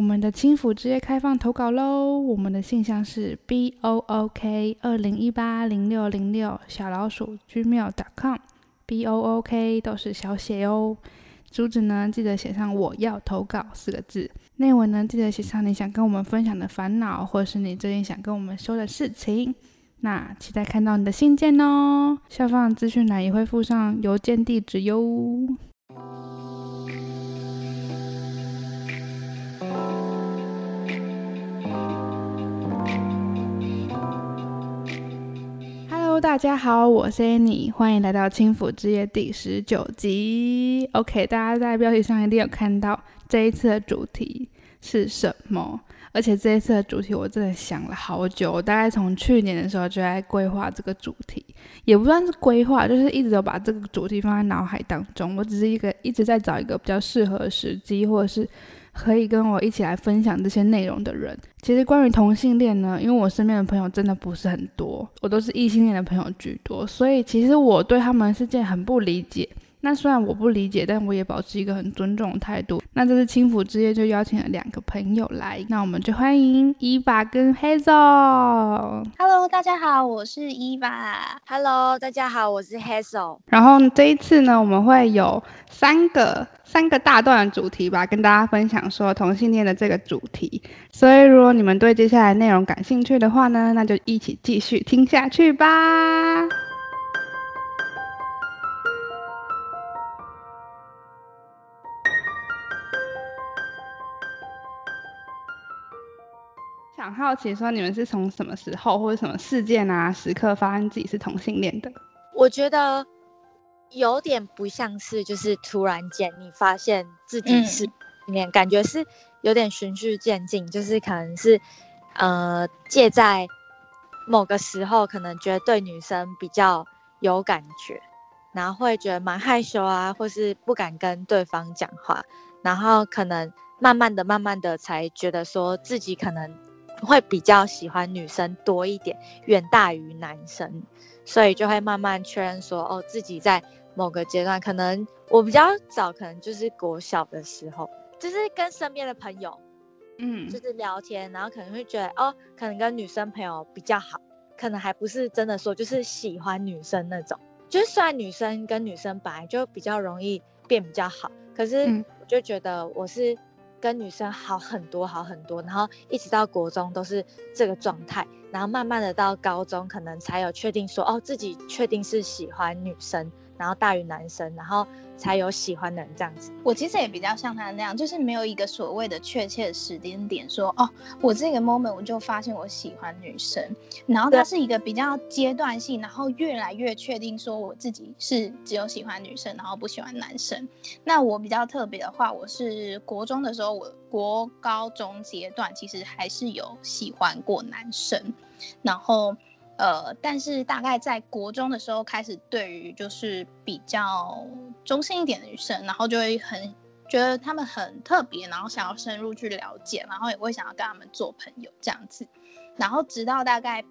我們的輕撫之夜開放投稿嘍！我們的信箱是 b o o k 二零一八零六零六小老鼠 gmail 點 com b o o k 都是小寫哦。主旨呢，記得寫上“我要投稿”四個字。內文呢，記得寫上你想跟我們分享的煩惱，或是你最近想跟我們說的事情。那期待看到你的信件哦！下方資訊欄也會附上郵件地址喲。大家好，我是 Annie，歡迎來到《輕撫之夜》第十九集。OK，大家在標題上一定有看到這一次的主題是什麼，而且這一次的主題我真的想了好久，我大概從去年的時候就在規劃這個主題，也不算是規劃，就是一直有把這個主題放在腦海當中。我只是一個一直在找一個比較適合的時機，或者是，可以跟我一起來分享這些內容的人。其實，關於同性戀呢，因為我身邊的朋友真的不是很多，我都是異性戀的朋友居多，所以其實我對他們的世界很不理解。那雖然我不理解，但我也保持一個很尊重的態度。那這次輕撫之夜就邀請了兩個朋友來，那我們就歡迎 Eva 跟 Hazel。Hello，大家好，我是 Eva。Hello，大家好，我是 Hazel。然後這一次呢，我們會有三個三個大段的主題吧，跟大家分享說同性戀的這個主題。所以如果你們對接下來內容感興趣的話呢，那就一起繼續聽下去吧。想好奇說，你們是從什麼時候或者什麼事件啊、時刻發現自己是同性戀的？我覺得有點不像是，就是突然間你發現自己是同性戀，嗯、感覺是有點循序漸進，就是可能是呃，借在某個時候，可能覺得對女生比較有感覺，然後會覺得蠻害羞啊，或是不敢跟對方講話，然後可能慢慢的、慢慢的才覺得說自己可能。會比較喜歡女生多一點，遠大於男生，所以就會慢慢確認說，哦，自己在某個階段，可能我比較早，可能就是國小的時候，就是跟身邊的朋友，嗯，就是聊天，然後可能會覺得，哦，可能跟女生朋友比較好，可能還不是真的說就是喜歡女生那種，就是雖然女生跟女生本來就比較容易變比較好，可是我就覺得我是。跟女生好很多，好很多，然後一直到國中都是這個狀態，然後慢慢的到高中，可能才有確定說，哦，自己確定是喜歡女生。然後大於男生，然後才有喜歡的人這樣子。我其實也比較像他那樣，就是沒有一個所謂的確切的時間點說，哦，我這個 moment 我就發現我喜歡女生。然後它是一個比較階段性，然後越來越確定說我自己是只有喜歡女生，然後不喜歡男生。那我比較特別的話，我是國中的時候，我國高中階段其實還是有喜歡過男生，然後。呃，但是大概在國中的時候開始，對於就是比較中性一點的女生，然後就會很覺得她們很特別，然後想要深入去了解，然後也會想要跟她們做朋友這樣子。然後直到大概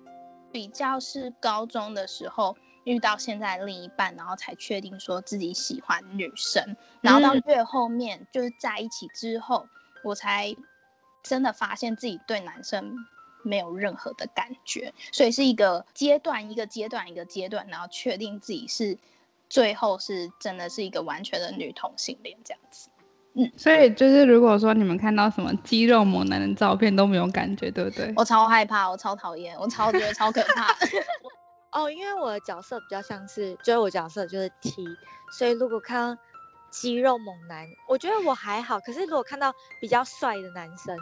比較是高中的時候遇到現在另一半，然後才確定說自己喜歡女生。然後到越後面、嗯、就是在一起之後，我才真的發現自己對男生沒有任何的感覺，所以是一個階段一個階段一個階段，然後確定自己是最後是真的是一個完全的女同性戀這樣子。嗯，所以就是如果說你們看到什麼肌肉猛男的照片都沒有感覺，對不對？我超害怕，我超討厭，我超覺得超可怕。哦， oh, 因為我的角色比較像是，就是我角色就是 T，所以如果看到肌肉猛男，我覺得我還好。可是如果看到比較帥的男生，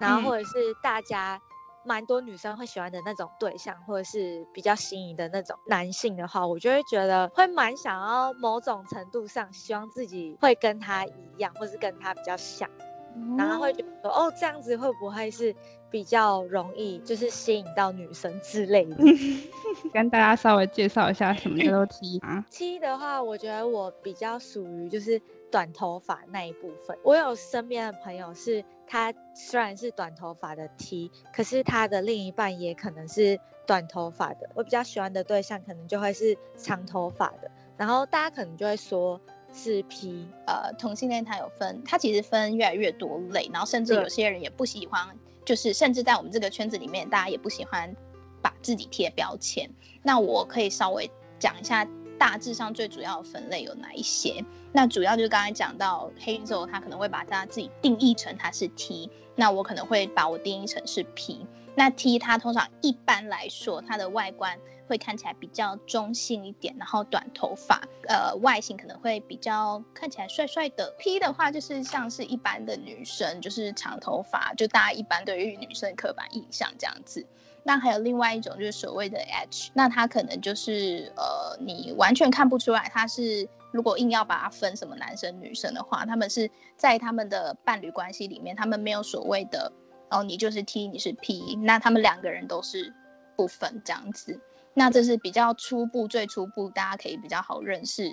然後或者是大家。嗯蠻多女生會喜歡的那種對象，或者是比較心儀的那種男性的話，我就會覺得會蠻想要某種程度上希望自己會跟他一樣，或是跟他比較像，哦、然後會覺得說哦，這樣子會不會是比較容易就是吸引到女生之類的？ 跟大家稍微介紹一下什麼叫做 T 啊？T 的話，我覺得我比較屬於就是。短頭髮那一部分，我有身邊的朋友是，他雖然是短頭髮的 T，可是他的另一半也可能是短頭髮的。我比較喜歡的對象可能就會是長頭髮的。然後大家可能就會說是 P，呃，同性戀他有分，他其實分越來越多類，然後甚至有些人也不喜歡，對就是甚至在我們這個圈子裡面，大家也不喜歡把自己貼標籤。那我可以稍微講一下。大致上最主要的分類有哪一些？那主要就是剛才講到 Hazel，他可能會把他自己定義成他是 T，那我可能會把我定義成是 P。那 T 他通常一般來說他的外觀會看起來比較中性一點，然後短頭髮，呃，外形可能會比較看起來帥帥的。P 的話就是像是一般的女生，就是長頭髮，就大家一般對於女生的刻板印象這樣子。那還有另外一種就是所謂的 H，那他可能就是呃，你完全看不出來他是，如果硬要把它分什麼男生女生的話，他們是在他們的伴侶關係裡面，他們沒有所謂的哦，你就是 T，你是 P，那他們兩個人都是不分這樣子，那這是比較初步、最初步，大家可以比較好認識。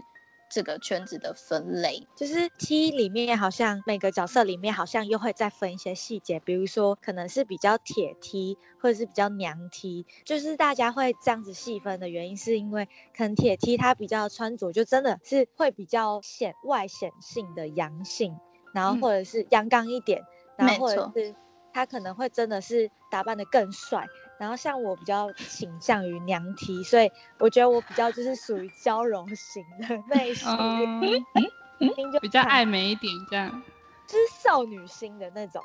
這個圈子的分類，就是 T 裡面好像每個角色裡面好像又會再分一些細節，比如說可能是比較鐵 T，或者是比較娘 T。就是大家會這樣子細分的原因，是因為可能鐵 T 他比較穿着就真的是會比較顯外顯性的陽性，然後或者是陽剛一點，嗯、然後或者是他可能會真的是打扮得更帥。然後像我比較傾向於娘提，所以我覺得我比較就是屬於嬌柔型的類型，嗯嗯嗯，比較愛美一點這樣，就是少女心的那種，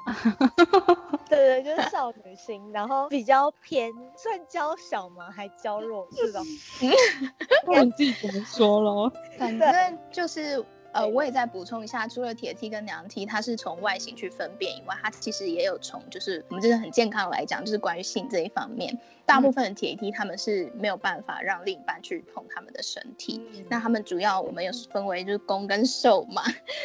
對，對對，就是少女心，然後比較偏算嬌小嘛，還嬌弱是、嗯、這種樣，那你自己怎麼說了，反正就是。呃，我也再補充一下，除了鐵梯跟娘梯，它是從外形去分辨以外，它其實也有從就是我們真的很健康來講，就是關於性這一方面，大部分的鐵梯他們是沒有辦法讓另一半去碰他們的身體，嗯、那他們主要我們有分為就是攻跟受嘛，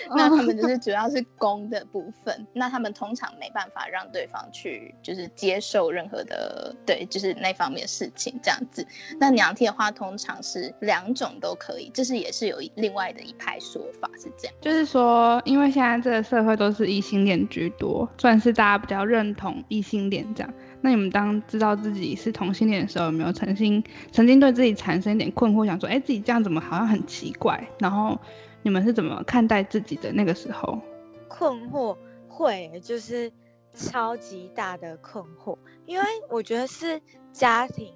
哦、那他們就是主要是攻的部分， 那他們通常沒辦法讓對方去就是接受任何的對，就是那方面的事情這樣子。那娘梯的話，通常是兩種都可以，就是也是有另外的一派說法。是這樣，就是說，因為現在這個社會都是異性戀居多，算是大家比較認同異性戀這樣，那你們當知道自己是同性戀的時候，有沒有曾經曾經對自己產生一點困惑，想說，哎，自己這樣怎麼好像很奇怪？然後你們是怎麼看待自己的那個時候？困惑會，就是超級大的困惑，因為我覺得是家庭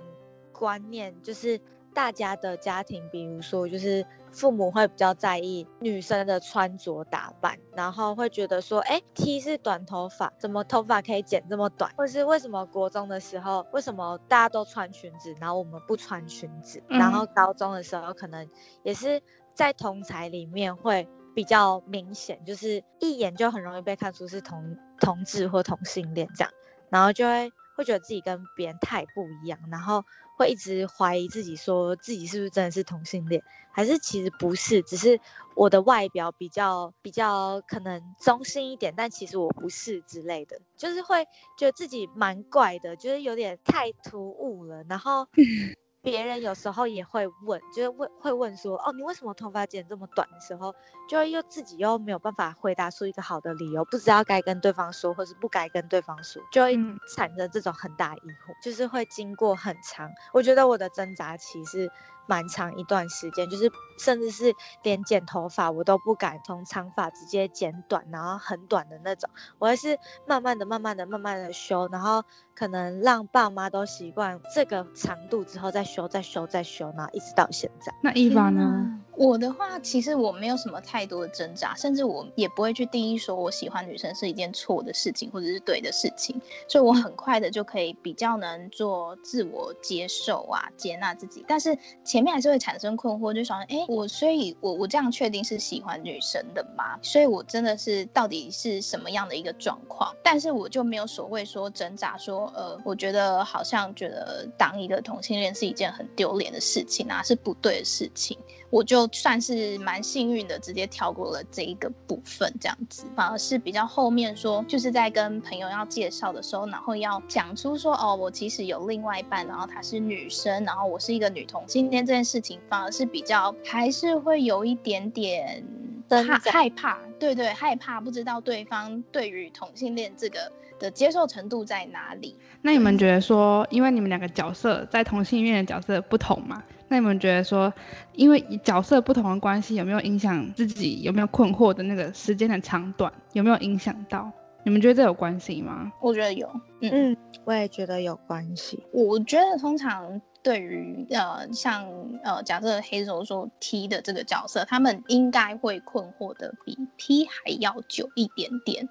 觀念，就是大家的家庭，比如說就是。父母會比較在意女生的穿着打扮，然後會覺得說，哎，T 是短頭髮，怎麼頭髮可以剪這麼短？或是為什麼國中的時候，為什麼大家都穿裙子，然後我們不穿裙子？嗯、然後高中的時候，可能也是在同儕裡面會比較明顯，就是一眼就很容易被看出是同同志或同性戀這樣，然後就會會覺得自己跟別人太不一樣，然後。會一直懷疑自己，說自己是不是真的是同性戀，還是其實不是，只是我的外表比較比較可能中性一點，但其實我不是之類的，就是會覺得自己蠻怪的，就是有點太突兀了，然後。 別人有時候也會問，就是會會問說，哦，你為什麼頭髮剪這麼短的時候，就又自己又沒有辦法回答出一個好的理由，不知道該跟對方說，或是不該跟對方說，就會產生這種很大疑惑，就是會經過很長。我覺得我的掙扎期是。蠻長一段時間，就是甚至是連剪頭髮我都不敢，從長髮直接剪短，然後很短的那種，我還是慢慢的、慢慢的、慢慢的修，然後可能讓爸媽都習慣這個長度之後再修、再修、再修、再修，然後一直到現在。那 Eva 呢？嗯啊我的話，其實我沒有什麼太多的掙扎，甚至我也不會去定義說我喜歡女生是一件錯的事情，或者是對的事情，所以我很快的就可以比較能做自我接受啊，接納自己。但是前面還是會產生困惑，就想說，哎，我，所以我我這樣確定是喜歡女生的嗎？所以我真的是到底是什麼樣的一個狀況？但是我就沒有所謂說掙扎，說，呃，我覺得好像覺得當一個同性戀是一件很丟臉的事情啊，是不對的事情。我就算是蠻幸運的，直接跳過了這一個部分，這樣子反而是比較後面說，就是在跟朋友要介紹的時候，然後要講出說，哦，我其實有另外一半，然後她是女生，然後我是一個女同性戀，這件事情反而是比較還是會有一點點的怕，害怕，對，對對，害怕不知道對方對於同性戀這個的接受程度在哪裡。那你們覺得說，嗯、因為你們兩個角色在同性戀的角色不同嘛？那你們覺得說，因為角色不同的關係，有沒有影響自己有沒有困惑的那個時間的長短，有沒有影響到？你們覺得這有關係嗎？我覺得有，嗯嗯，我也覺得有關係。我覺得通常對於呃像呃假設 Hazel 說 T 的這個角色，他們應該會困惑得比 T 還要久一點點，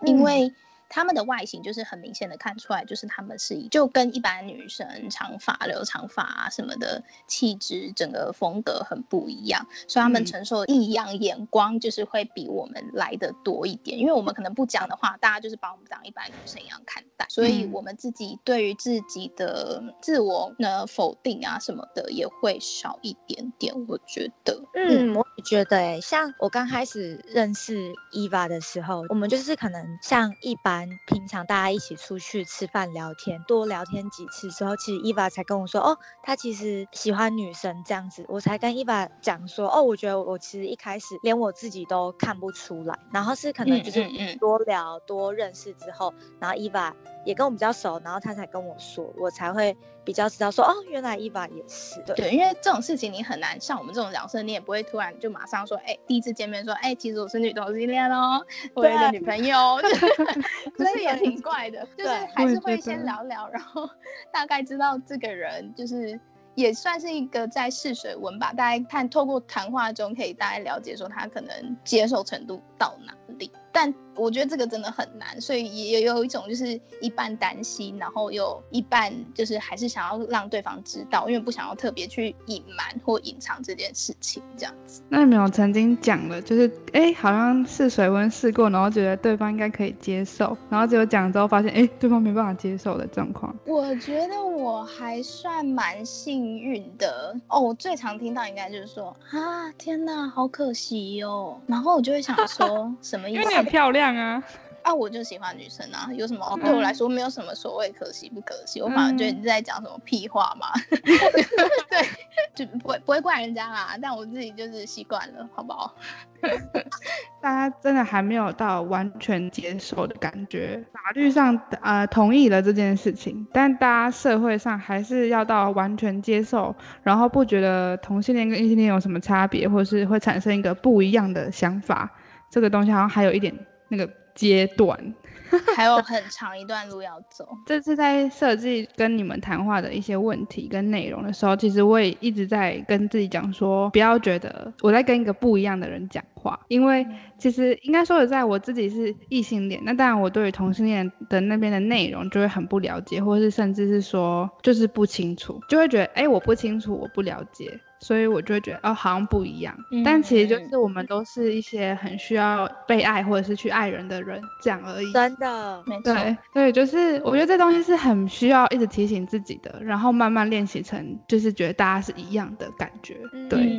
嗯、因為。他們的外形就是很明顯的看出來，就是他們是以就跟一般女生長髮留長髮啊什麼的氣質，整個風格很不一樣，所以他們承受的異樣眼光就是會比我們來得多一點，因為我們可能不講的話，大家就是把我們當一般女生一樣看待，所以我們自己對於自己的自我呢否定啊什麼的也會少一點點，我覺得，嗯，我也覺得哎、欸，像我剛開始認識 Eva 的時候，我們就是可能像一般。平常大家一起出去吃飯聊天，多聊天幾次之後，其實 Eva 才跟我說，哦，她其實喜歡女生這樣子。我才跟 Eva 講說，哦，我覺得我其實一開始連我自己都看不出來。然後是可能就是多聊，嗯嗯嗯、多認識之後，然後 Eva。也跟我比較熟，然後他才跟我說，我才會比較知道說，哦，原來 Eva 也是，對，對，因為這種事情你很難像我們這種聊天，你也不會突然就馬上說，哎、欸，第一次見面說，哎、欸，其實我是女同性戀哦對我有個女朋友， 就是， 是也挺怪的，對就是還是會先聊聊，然後大概知道這個人就是也算是一個在試水文吧，大概看透過談話中可以大概了解說他可能接受程度到哪裡，但。我覺得這個真的很難，所以也有一種就是一半擔心，然後又一半就是還是想要讓對方知道，因為不想要特別去隱瞞或隱藏這件事情，這樣子。那你有沒有曾經講了，就是哎對、欸，好像是水溫試過，然後覺得對方應該可以接受，然後只有講了之後發現，哎、欸，對方沒辦法接受的狀況。我覺得我還算蠻幸運的哦，我最常聽到應該就是說啊，天哪，好可惜哦，然後我就會想說什麼意思？因為你很漂亮。啊啊！我就喜歡女生啊！有什麼、嗯、對我來說沒有什麼所謂可惜不可惜，我反而覺得你在講什麼屁話嘛。嗯、 對，就不會不會怪人家啦、啊。但我自己就是習慣了，好不好？大家真的還沒有到完全接受的感覺。法律上啊、呃，同意了這件事情，但大家社會上還是要到完全接受，然後不覺得同性戀跟異性戀有什麼差別，或者是會產生一個不一樣的想法。這個東西好像還有一點。那個階段還有很長一段路要走。 對 這次在設計跟你們談話的一些問題跟內容的時候，其實我也一直在跟自己講說，不要覺得我在跟一個不一樣的人講話，因為其實應該說的，在我自己是異性戀，那當然我對於同性戀的那邊的內容就會很不了解，或是甚至是說就是不清楚，就會覺得哎、欸，我不清楚，我不了解。所以我就覺得，哦，好像不一樣。嗯，但其實就是我們都是一些很需要被愛或者是去愛人的人，這樣而已。真的，沒錯。對，對，就是我覺得這東西是很需要一直提醒自己的，然後慢慢練習成，就是覺得大家是一樣的感覺。嗯，對，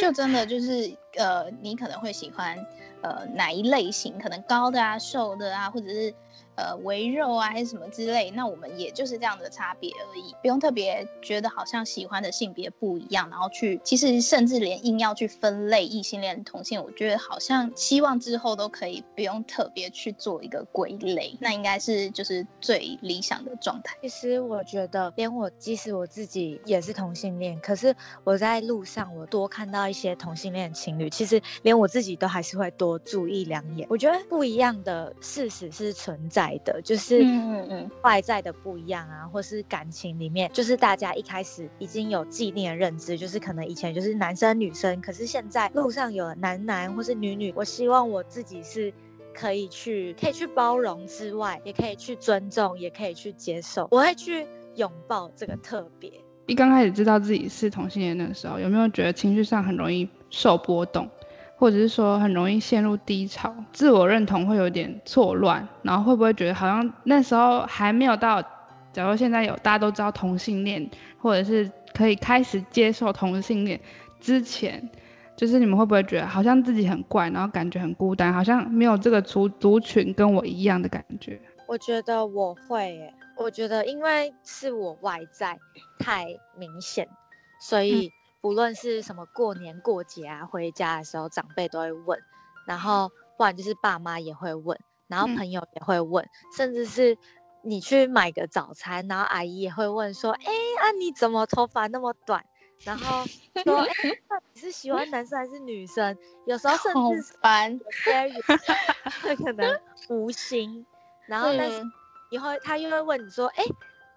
就真的就是，呃，你可能會喜歡，呃，哪一類型？可能高的啊，瘦的啊，或者是。呃，微肉啊，還是什麼之類，那我們也就是這樣的差別而已，不用特別覺得好像喜歡的性別不一樣，然後去，其實甚至連硬要去分類異性戀同性，我覺得好像希望之後都可以不用特別去做一個歸類，那應該是就是最理想的狀態。其實我覺得，連我即使我自己也是同性戀，可是我在路上我多看到一些同性戀情侶，其實連我自己都還是會多注意兩眼。我覺得不一樣的事實是存在。在的，就是外、嗯嗯嗯、在的不一樣啊，或是感情裡面，就是大家一開始已經有既定的認知，就是可能以前就是男生女生，可是現在路上有男男或是女女，我希望我自己是可以去可以去包容之外，也可以去尊重，也可以去接受，我會去擁抱這個特別。一剛開始知道自己是同性戀的時候，有沒有覺得情緒上很容易受波動？或者是說很容易陷入低潮，自我認同會有點錯亂，然後會不會覺得好像那時候還沒有到，假如現在有大家都知道同性戀，或者是可以開始接受同性戀之前，就是你們會不會覺得好像自己很怪，然後感覺很孤單，好像沒有這個族族群跟我一樣的感覺？我覺得我會耶，我覺得因為是我外在太明顯， 所以、嗯。無論是什麼過年過節啊，回家的時候長輩都會問，然後不然就是爸媽也會問，然後朋友也會問，嗯、甚至是你去買個早餐，然後阿姨也會問說：“哎、嗯，啊你怎麼頭髮那麼短？”然後說：“哎， 你是喜歡男生還是女生？”有時候甚至煩，有些人可能無心，然後但是以後他又會問你說：“哎，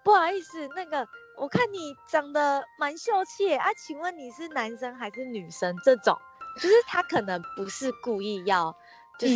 不好意思，那個。”我看你長得蠻秀氣啊，請問你是男生還是女生？這種，就是他可能不是故意要，就是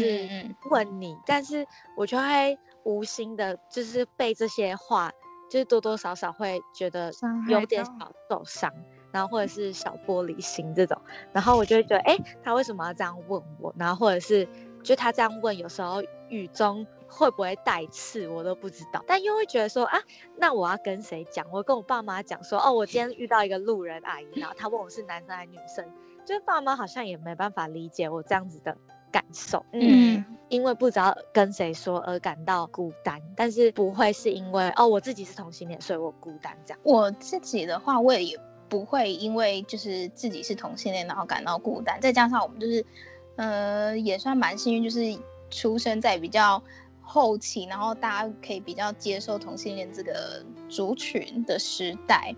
問你，嗯、但是我就會無心的，就是被這些話，就是多多少少會覺得有點小受傷，然後或者是小玻璃心這種，然後我就會覺得，哎、欸，他為什麼要這樣問我？然後或者是就他這樣問，有時候語中。會不會帶刺，我都不知道。但又會覺得說啊，那我要跟誰講？我跟我爸媽講說，哦，我今天遇到一個路人阿姨，然後她問我是男生還是女生。就是爸媽好像也沒辦法理解我這樣子的感受，嗯，因為不知道跟誰說而感到孤單。但是不會是因為哦，我自己是同性戀，所以我孤單這樣。我自己的話，我也不會因為就是自己是同性戀，然後感到孤單。再加上我們就是，嗯、呃，也算蠻幸運，就是出生在比較。後期，然後大家可以比較接受同性戀這個族群的時代，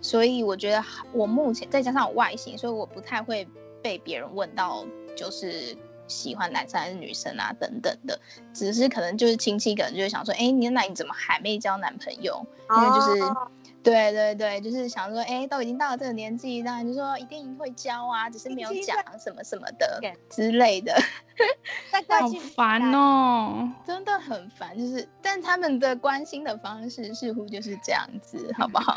所以我覺得我目前再加上我外形，所以我不太會被別人問到，就是喜歡男生還是女生啊等等的。只是可能就是親戚可能就會想說，哎，你的奶，你怎麼還沒交男朋友？Oh. 因為就是，對對對，就是想說，哎，都已經到了這個年紀，當然就說一定會交啊，只是沒有講什麼什麼的之類的。Okay. 好煩哦、啊，真的很煩，就是，但他們的關心的方式似乎就是這樣子，好不好？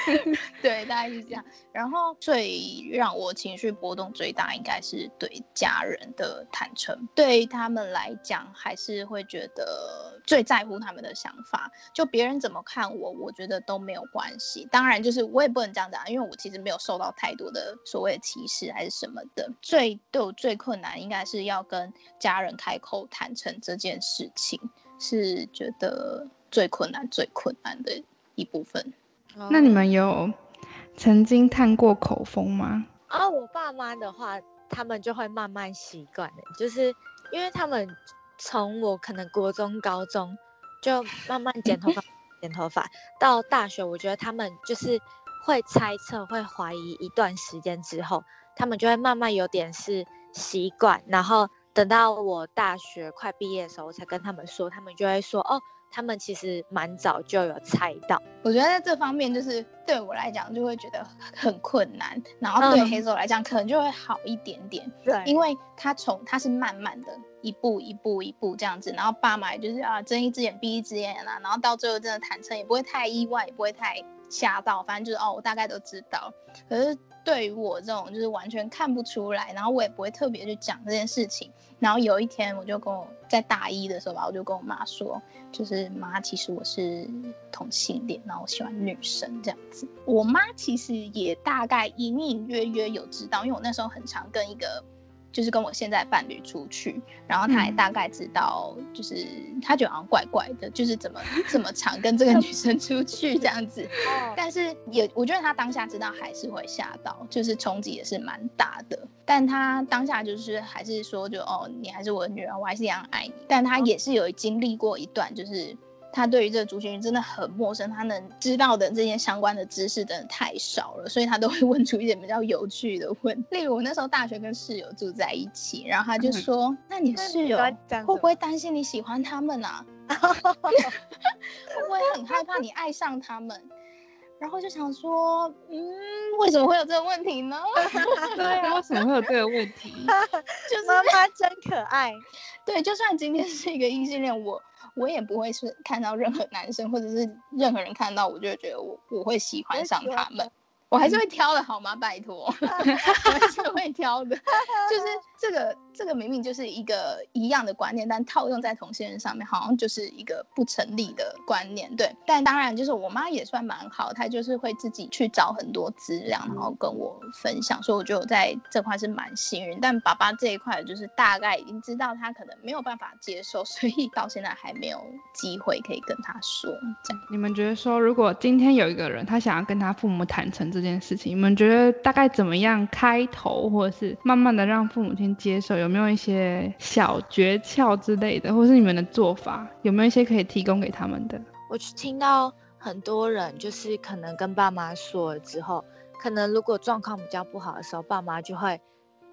對，大概是這樣。然後最讓我情緒波動最大，應該是對家人的坦誠。對他們來講，還是會覺得最在乎他們的想法。就別人怎麼看我，我覺得都沒有關係。當然，就是我也不能這樣講、啊，因為我其實沒有受到太多的所謂的歧視還是什麼的。最對我最困難，應該是要跟家人。人開口坦誠這件事情是覺得最困難、最困難的一部分。那你們有曾經探過口風嗎？啊、哦，我爸媽的話，他們就會慢慢習慣，就是因為他們從我可能國中、高中就慢慢剪頭髮、 剪頭髮到大學，我覺得他們就是會猜測、會懷疑一段時間之後，他們就會慢慢有點是習慣，然後。等到我大學快畢業的時候，我才跟他們說，他們就會說，哦，他們其實蠻早就有猜到。我覺得在這方面，就是對我來講，就會覺得很困難，然後對黑手來講，可能就會好一點點。對、嗯，因為他從他是慢慢的，一步一步一步這樣子，然後爸媽也就是啊睜一隻眼閉一隻眼啦、啊，然後到最後真的坦誠，也不會太意外，也不會太嚇到，反正就是哦，我大概都知道。可是。對於我這種就是完全看不出來，然後我也不會特別去講這件事情。然後有一天，我就跟我在大一的時候吧，我就跟我媽說，就是媽，其實我是同性戀，然後我喜歡女生這樣子。我媽其實也大概隱隱約約有知道，因為我那時候很常跟一個。就是跟我現在伴侶出去，然後他也大概知道，就是他覺得好像怪怪的，就是怎麼這麼常跟這個女生出去這樣子。但是也我覺得他當下知道還是會嚇到，就是衝擊也是蠻大的。但他當下就是還是說就，就哦，你還是我的女兒，我還是一樣愛你。但他也是有經歷過一段，就是。他對於這個族群真的很陌生，他能知道的這些相關的知識真的太少了，所以他都會問出一點比較有趣的問題。例如我那時候大學跟室友住在一起，然後他就說：“嗯、哼那你室友會不會擔心你喜歡他們啊？」「會不會很害怕你愛上他們？”然後就想說，嗯，為什麼會有這個問題呢？ 對啊， 為什麼會有這個問題？ 就是他真可愛。對，就算今天是一個異性戀，我我也不會是看到任何男生或者是任何人看到我就會覺得我我會喜歡上他們。我還， 我還是會挑的，好嗎？拜託，我還是會挑的。就是這個，這個明明就是一個一樣的觀念，但套用在同性人上面，好像就是一個不成立的觀念。對，但當然，就是我媽也算蠻好，她就是會自己去找很多資料，然後跟我分享，所以我覺得我在這塊是蠻幸運。但爸爸這一塊，就是大概已經知道他可能沒有辦法接受，所以到現在還沒有機會可以跟他說。這樣，你們覺得說，如果今天有一個人，他想要跟他父母坦誠自己這件事情，你們覺得大概怎麼樣開頭，或者是慢慢的讓父母親接受，有沒有一些小訣竅之類的，或是你們的做法，有沒有一些可以提供給他們的？我聽到很多人就是可能跟爸媽說了之後，可能如果狀況比較不好的時候，爸媽就會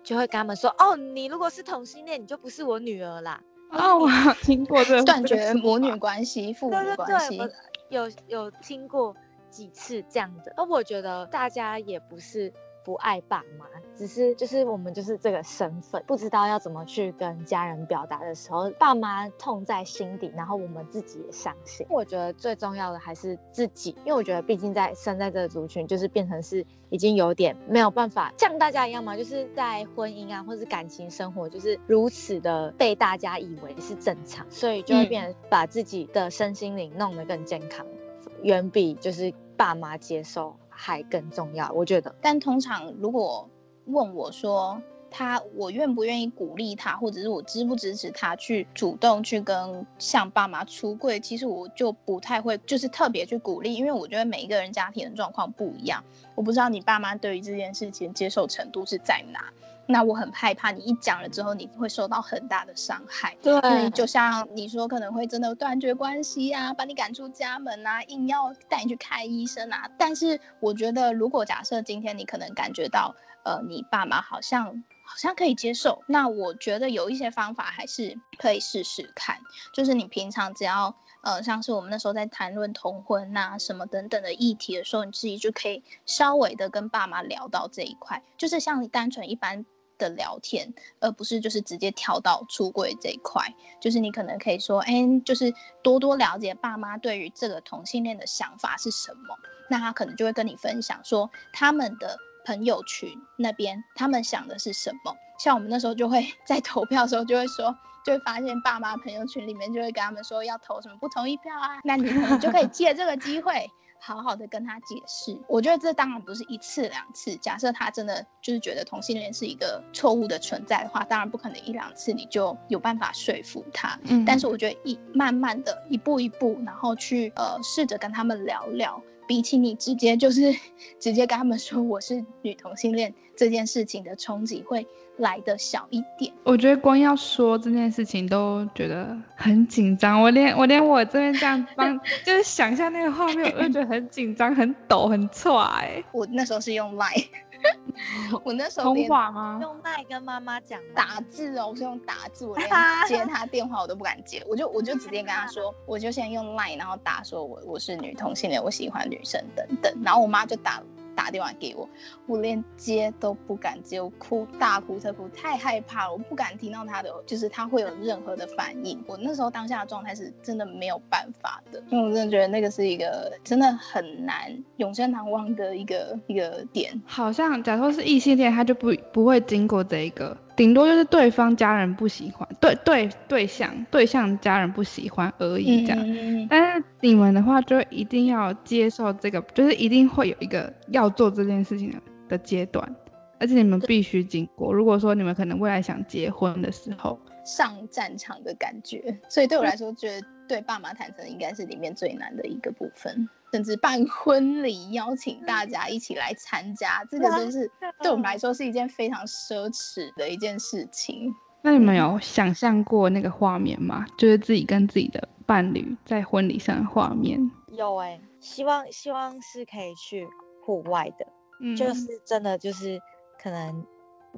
就會跟他們說：“哦，你如果是同性戀，你就不是我女兒啦。”哦，我、嗯、聽過這個斷絕母女關係、父母關係，對對對，有有聽過。幾次這樣的，而我覺得大家也不是不愛爸媽，只是就是我們就是這個身份，不知道要怎麼去跟家人表達的時候，爸媽痛在心底，然後我們自己也傷心。我覺得最重要的還是自己，因為我覺得畢竟在生在這個族群，就是變成是已經有點沒有辦法像大家一樣嘛，就是在婚姻啊或是感情生活，就是如此的被大家以為是正常，所以就會變成把自己的身心靈弄得更健康。嗯遠比就是爸媽接受還更重要，我覺得。但通常如果問我說他，我願不願意鼓勵他，或者是我支不支持他去主動去跟向爸媽出櫃，其實我就不太會，就是特別去鼓勵，因為我覺得每一個人家庭的狀況不一樣，我不知道你爸媽對於這件事情接受程度是在哪。那我很害怕，你一講了之後，你會受到很大的傷害。對，就像你說，可能會真的斷絕關係呀，把你趕出家門啊，硬要帶你去看醫生啊。但是我覺得，如果假設今天你可能感覺到，呃，你爸媽好像好像可以接受，那我覺得有一些方法還是可以試試看。就是你平常只要，呃，像是我們那時候在談論同婚吶啊什麼等等的議題的時候，你自己就可以稍微的跟爸媽聊到這一塊。就是像你單純一般。的聊天，而不是就是直接跳到出櫃這一塊，就是你可能可以說，哎、欸，就是多多了解爸媽對於這個同性戀的想法是什麼，那他可能就會跟你分享說他們的朋友群那邊他們想的是什麼。像我們那時候就會在投票的時候就會說，就會發現爸媽朋友群裡面就會跟他們說要投什麼不同意票啊，那你你就可以借這個機會。 好好的跟他解釋，我覺得這當然不是一次兩次。假設他真的就是覺得同性戀是一個錯誤的存在的話，當然不可能一兩次你就有辦法說服他。嗯哼，但是我覺得一慢慢的一步一步，然後去呃試着跟他們聊聊。比起你直接就是直接跟他們說我是女同性戀這件事情的衝擊會來的小一點。我覺得光要說這件事情都覺得很緊張，我連我連我這邊這樣當 就是想象那個畫面，我就覺得很緊張、 很抖、很竄。我那時候是用麥。 我那時候用麥跟媽媽講打字哦、喔，我是用打字，我連接他電話，我都不敢接，我就我就直接跟他說，我就先用 line 然後打說，我我是女同性戀，我喜歡女生等等，然後我媽就打。打電話給我，我連接都不敢接，我哭，大哭特哭，太害怕了，我不敢聽到他的，就是他會有任何的反應。我那時候當下的狀態是真的沒有辦法的，因為我真的覺得那個是一個真的很難永生難忘的一個一個點。好像假如說是異性戀，他就不不會經過這一個。頂多就是對方家人不喜歡，對對對象對象家人不喜歡而已這樣。嗯，但是你們的話就一定要接受這個，就是一定會有一個要做這件事情的階段，而且你們必須經過。對。如果說你們可能未來想結婚的時候，上戰場的感覺。所以對我來說，覺得對爸媽坦誠應該是裡面最難的一個部分。甚至辦婚禮，邀請大家一起來參加，這個真是對我們來說是一件非常奢侈的一件事情。那你們有想象過那個畫面嗎？就是自己跟自己的伴侶在婚禮上的畫面。有哎，欸，希望希望是可以去戶外的，嗯，就是真的就是可能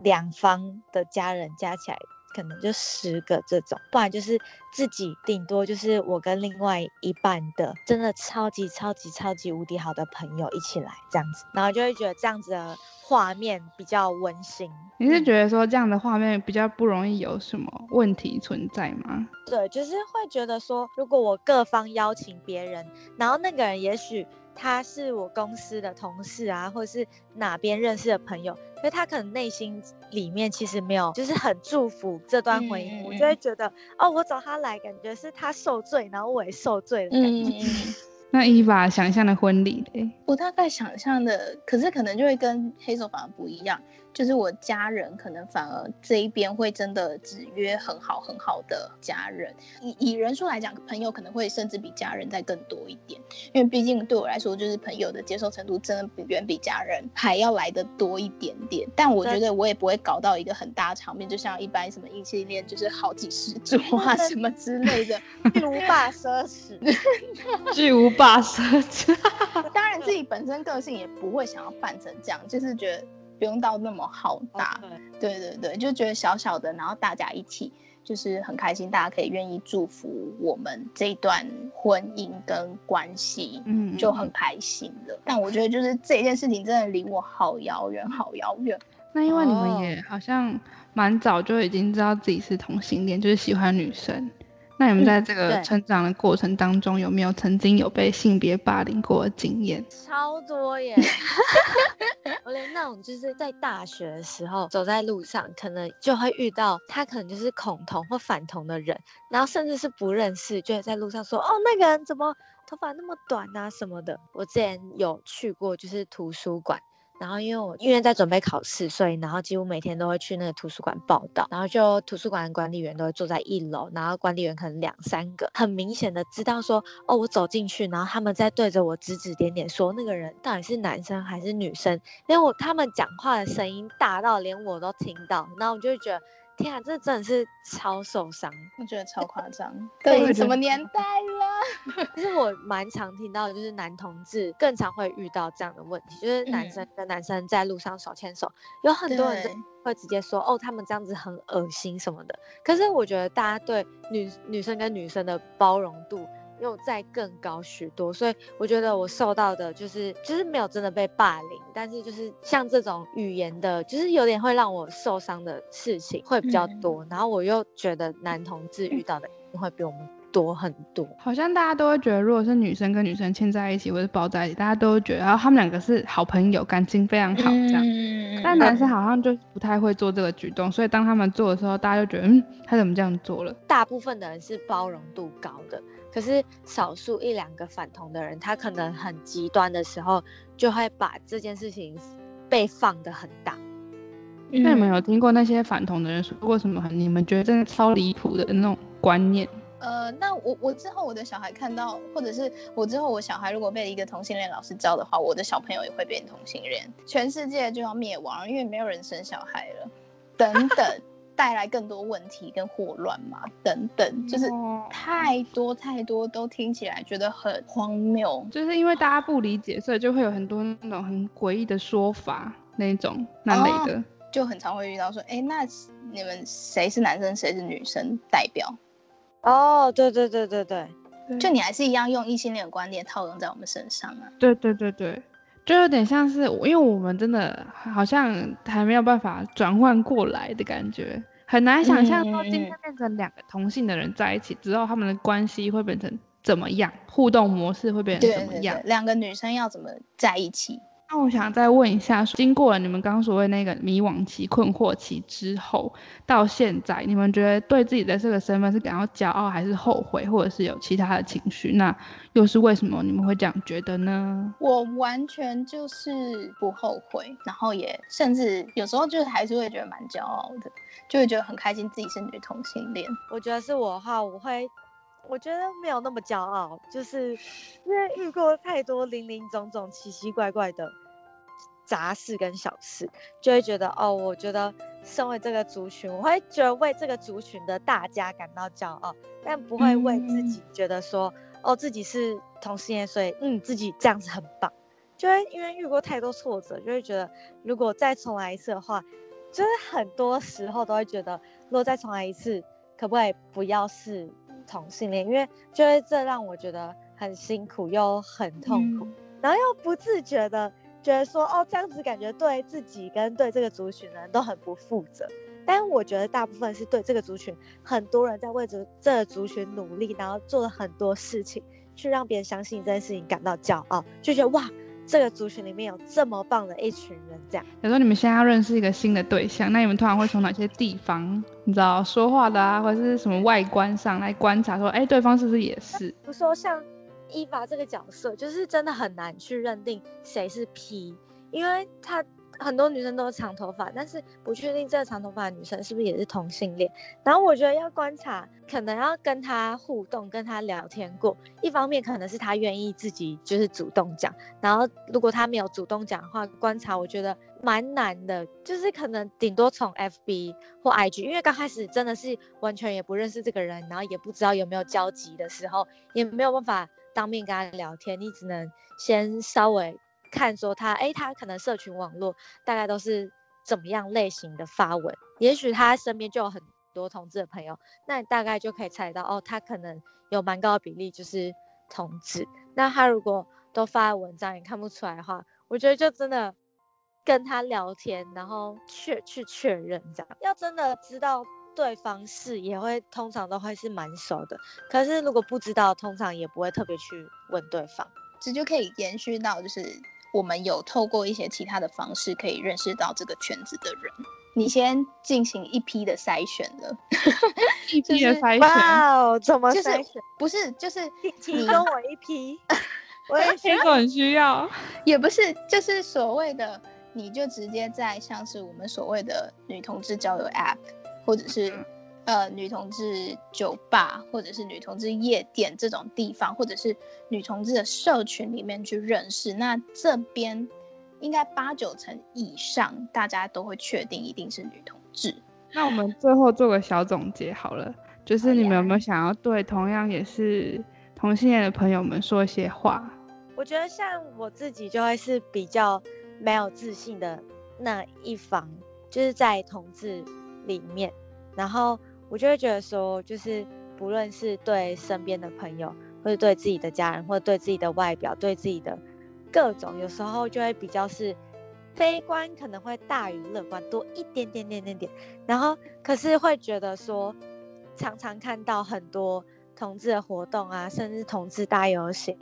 兩方的家人加起來。可能就十個這種，不然就是自己，頂多就是我跟另外一半的，真的超級超級超級無敵好的朋友一起來這樣子，然後就會覺得這樣子的畫面比較溫馨。你是覺得說這樣的畫面比較不容易有什麼問題存在嗎？對，就是會覺得說，如果我各方邀請別人，然後那個人也許……他是我公司的同事啊，或是哪邊認識的朋友，所以他可能內心裡面其實沒有，就是很祝福這段婚姻，嗯、我就會覺得哦，我找他來，感覺是他受罪，然後我也受罪的感覺。嗯、那 Eva 想象的婚禮呢，我大概想象的，可是可能就會跟黑手反而不一樣。就是我家人可能反而這一邊會真的只約很好很好的家人，以以人數來講，朋友可能會甚至比家人再更多一點，因為畢竟對我來說，就是朋友的接受程度真的遠比家人還要來得多一點點。但我覺得我也不會搞到一個很大場面，對就像一般什麼異性戀就是好幾十桌啊什麼之類的 巨無霸奢侈， 巨無霸奢侈。 當然自己本身個性也不會想要辦成這樣，就是覺得。不用到那麼浩大，Okay. 對對對，就覺得小小的，然後大家一起就是很開心，大家可以願意祝福我們這一段婚姻跟關係，嗯，就很開心的。嗯、但我覺得就是這件事情真的離我好遙遠，好遙遠。那因為你們也好像蠻早就已經知道自己是同性戀，就是喜歡女生。那你們在這個成長的過程當中，有沒有曾經有被性別霸凌過的經驗？嗯，超多耶！我 連那種就是在大學的時候走在路上，可能就會遇到他，可能就是恐同或反同的人，然後甚至是不認識，就會在路上說：“哦，那個人怎麼頭髮那麼短啊什麼的。”我之前有去過就是圖書館。然後，因為我因為在準備考試，所以然後幾乎每天都會去那個圖書館報到。然後就圖書館的管理員都會坐在一樓，然後管理員可能兩三個，很明顯的知道說，哦，我走進去，然後他們在對着我指指點點，說那個人到底是男生還是女生，因為我他們講話的聲音大到連我都聽到，然後我就覺得。天啊，這真的是超受傷，我覺得超誇張。欸、對，對什麼年代了？其實我蠻常聽到的，就是男同志更常會遇到這樣的問題，就是男生跟男生在路上手牽手，嗯、有很多人會直接說對哦，他們這樣子很噁心什麼的。可是我覺得大家對女女生跟女生的包容度。又再更高許多，所以我覺得我受到的就是就是沒有真的被霸凌，但是就是像這種語言的，就是有點會讓我受傷的事情會比較多。嗯、然後我又覺得男同志遇到的一定會比我們多很多。好像大家都會覺得，如果是女生跟女生牽在一起或者抱在一起，大家都會覺得，然後他們兩個是好朋友，感情非常好這樣。嗯、但男生好像就不太會做這個舉動，所以當他們做的時候，大家就覺得，嗯，他怎麼這樣做了？大部分的人是包容度高的。可是少數一兩個反同的人，他可能很極端的時候，就會把這件事情被放得很大。嗯，那你們有聽過那些反同的人說過什麼？你們覺得真的超離譜的那種觀念？呃，那我我之後我的小孩看到，或者是我之後我小孩如果被一個同性戀老師教的話，我的小朋友也會變同性戀，全世界就要滅亡，因為沒有人生小孩了，等等。 帶來更多問題跟禍亂嘛，等等，就是太多太多都聽起來覺得很荒謬，就是因為大家不理解，所以就會有很多那種很詭異的說法，那種那類的、哦，就很常會遇到說，哎、欸，那你們誰是男生，誰是女生代表？哦，對對對對對，嗯、就你還是一樣用異性戀觀念套用在我們身上啊？對對對對。就有點像是，因為我們真的好像還沒有辦法轉換過來的感覺，很難想象說今天變成兩個同性的人在一起，嗯、之後，他們的關係會變成怎麼樣，互動模式會變成怎麼樣，對對對，兩個女生要怎麼在一起。那我想再問一下，經過了你們剛剛所謂那個迷惘期、困惑期之後，到現在，你們覺得對自己的這個身份是感到驕傲，還是後悔，或者是有其他的情緒？那又是為什麼你們會這樣覺得呢？我完全就是不後悔，然後也甚至有時候就是還是會覺得蠻驕傲的，就會覺得很開心自己是女同性戀。我覺得是我的話，我會，我覺得沒有那麼驕傲，就是因為遇過太多林林總總、奇奇怪怪的。雜事跟小事，就會覺得哦，我覺得身為這個族群，我會覺得為這個族群的大家感到驕傲，但不會為自己覺得說，嗯、哦，自己是同性戀，所以嗯，自己這樣子很棒。就會因為遇過太多挫折，就會覺得如果再重來一次的話，就是很多時候都會覺得，如果再重來一次，可不可以不要是同性戀？因為就會這讓我覺得很辛苦又很痛苦，嗯、然後又不自覺的。覺得說哦，這樣子感覺對自己跟對這個族群的人都很不負責。但我覺得大部分是對這個族群，很多人在為這這個族群努力，然後做了很多事情，去讓別人相信這件事情感到驕傲，就覺得哇，這個族群裡面有這麼棒的一群人。這樣，假如說你們現在要認識一個新的對象，那你們通常會從哪些地方，你知道說話的啊，或者是什麼外觀上來觀察說，說、欸、哎，對方是不是也是？比如說像。Eva 這個角色就是真的很難去認定誰是 P，因為她很多女生都是長頭髮，但是不確定這個長頭髮的女生是不是也是同性戀。然後我覺得要觀察，可能要跟她互動、跟她聊天過。一方面可能是她願意自己就是主動講，然後如果她沒有主動講的話，觀察我覺得蠻難的，就是可能頂多從 FB 或 IG，因為剛開始真的是完全也不認識這個人，然後也不知道有沒有交集的時候，也沒有辦法。當面跟他聊天，你只能先稍微看說他，誒、欸，他可能社群網絡大概都是怎麼樣類型的發文？也許他身邊就有很多同志的朋友，那你大概就可以猜到哦，他可能有蠻高的比例就是同志。那他如果都發了文章也看不出來的話，我覺得就真的跟他聊天，然後確去確認這樣。要真的知道。對方是也會通常都會是蠻熟的，可是如果不知道，通常也不會特別去問對方。這就可以延續到就是我們有透過一些其他的方式可以認識到這個圈子的人。你先進行一批的篩選了， 一批的篩選。哇、就是，wow, 怎麼篩選、就是？不是，就是你跟我一批， 我也很需要。也不是，就是所謂的你就直接在像是我們所謂的女同志交友 App。或者是，呃，女同志酒吧，或者是女同志夜店這種地方，或者是女同志的社群裡面去認識，那這邊應該八九成以上大家都會確定一定是女同志。那我們最後做個小總結好了， 就是你們有沒有想要對同樣也是同性戀的朋友們說一些話？我覺得像我自己就會是比較沒有自信的那一方，就是在同志裡面，然後我就會覺得說，就是不論是對身邊的朋友，或者對自己的家人，或者對自己的外表，對自己的各種，有時候就會比較是悲觀，可能會大於樂觀多一點點點點點。然後可是會覺得說，常常看到很多同志的活動啊，甚至同志大遊行，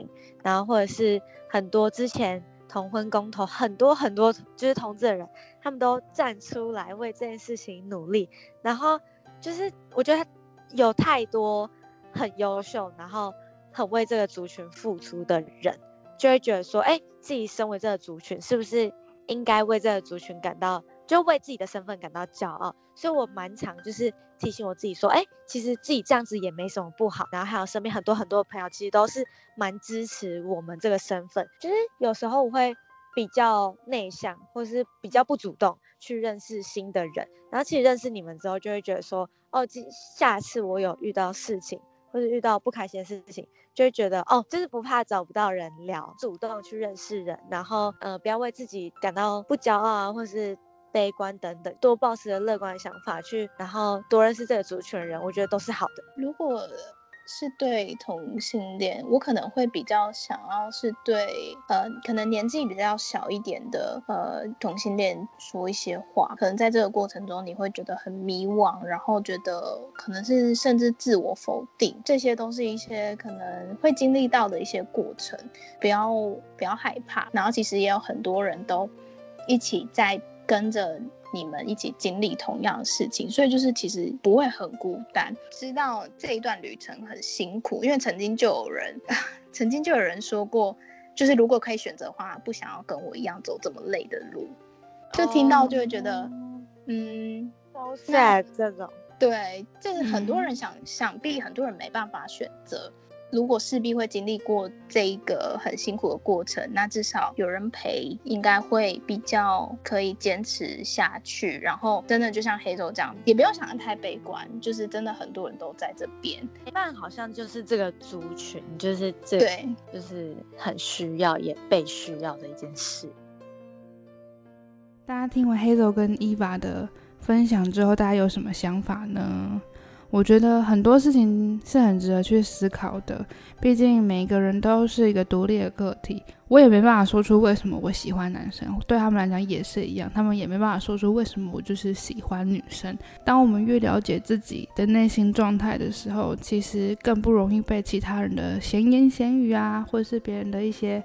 然後或者是很多之前同婚公投，很多很多就是同志的人。他們都站出來為這件事情努力，然後就是我覺得有太多很優秀，然後很為這個族群付出的人，就會覺得說，欸，自己身為這個族群，是不是應該為這個族群感到，就為自己的身份感到驕傲？所以我蠻常就是提醒我自己說，欸，其實自己這樣子也沒什麼不好。然後還有身邊很多很多的朋友，其實都是蠻支持我們這個身份。就是有時候我會。比較內向，或是比較不主動去認識新的人，然後其實認識你們之後，就會覺得說，哦，下次我有遇到事情，或者遇到不開心的事情，就會覺得，哦，就是不怕找不到人聊，主動去認識人，然後，呃，不要為自己感到不驕傲啊，或是悲觀等等，多抱持著樂觀的想法去，然後多認識這個族群的人，我覺得都是好的。如果是對同性戀，我可能會比較想要是對，呃，可能年紀比較小一點的，呃，同性戀說一些話。可能在這個過程中，你會覺得很迷惘，然後覺得可能是甚至自我否定，這些都是一些可能會經歷到的一些過程，不要不要害怕。然後其實也有很多人都一起在跟着。你們一起經歷同樣的事情，所以就是其實不會很孤單。知道這一段旅程很辛苦，因為曾經就有人，曾經就有人說過，就是如果可以選擇的話，不想要跟我一樣走這麼累的路。就聽到就會覺得，oh, 嗯，好 sad 這種。對，就是很多人想、嗯、想必很多人沒辦法選擇。如果勢必會經歷過這一個很辛苦的過程，那至少有人陪，應該會比較可以堅持下去。然後，真的就像 Hazel 這樣，也不要想得太悲觀，就是真的很多人都在這邊。陪伴好像就是這個族群，就是、這個、對，就是很需要也被需要的一件事。大家聽完 Hazel 跟 Eva 的分享之後，大家有什麼想法呢？我覺得很多事情是很值得去思考的，畢竟每一個人都是一個獨立的個體。我也沒辦法說出為什麼我喜歡男生，對他們來講也是一樣，他們也沒辦法說出為什麼我就是喜歡女生。當我們越了解自己的內心狀態的時候，其實更不容易被其他人的閒言閒語啊，或者是別人的一些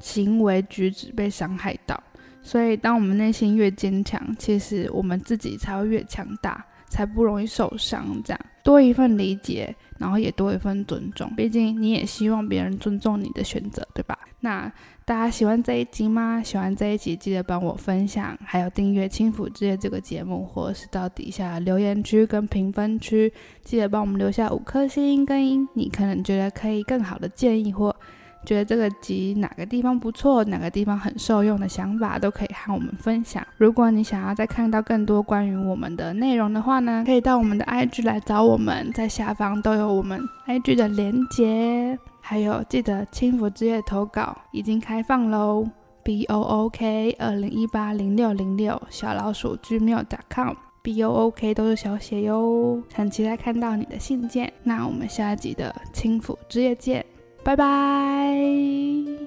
行為舉止被傷害到。所以，當我們內心越堅強，其實我們自己才會越強大。才不容易受傷，這樣多一份理解，然後也多一份尊重。畢竟你也希望別人尊重你的選擇，對吧？那大家喜歡這一集嗎？喜歡這一集記得幫我分享，還有訂閱《輕撫之夜》這個節目，或是到底下留言區跟評分區，記得幫我們留下五顆星。跟，你可能覺得可以更好的建議或。覺得這個集哪個地方不錯，哪個地方很受用的想法都可以和我們分享。如果你想要再看到更多關於我們的內容的話呢，可以到我們的 IG 來找我們，在下方都有我們 IG 的連接。還有記得輕撫之夜投稿已經開放嘍，b o o k 二零一八零六零六小老鼠 gmail.com b o o k 都是小寫喲，很期待看到你的信件。那我們下一集的輕撫之夜見。拜拜。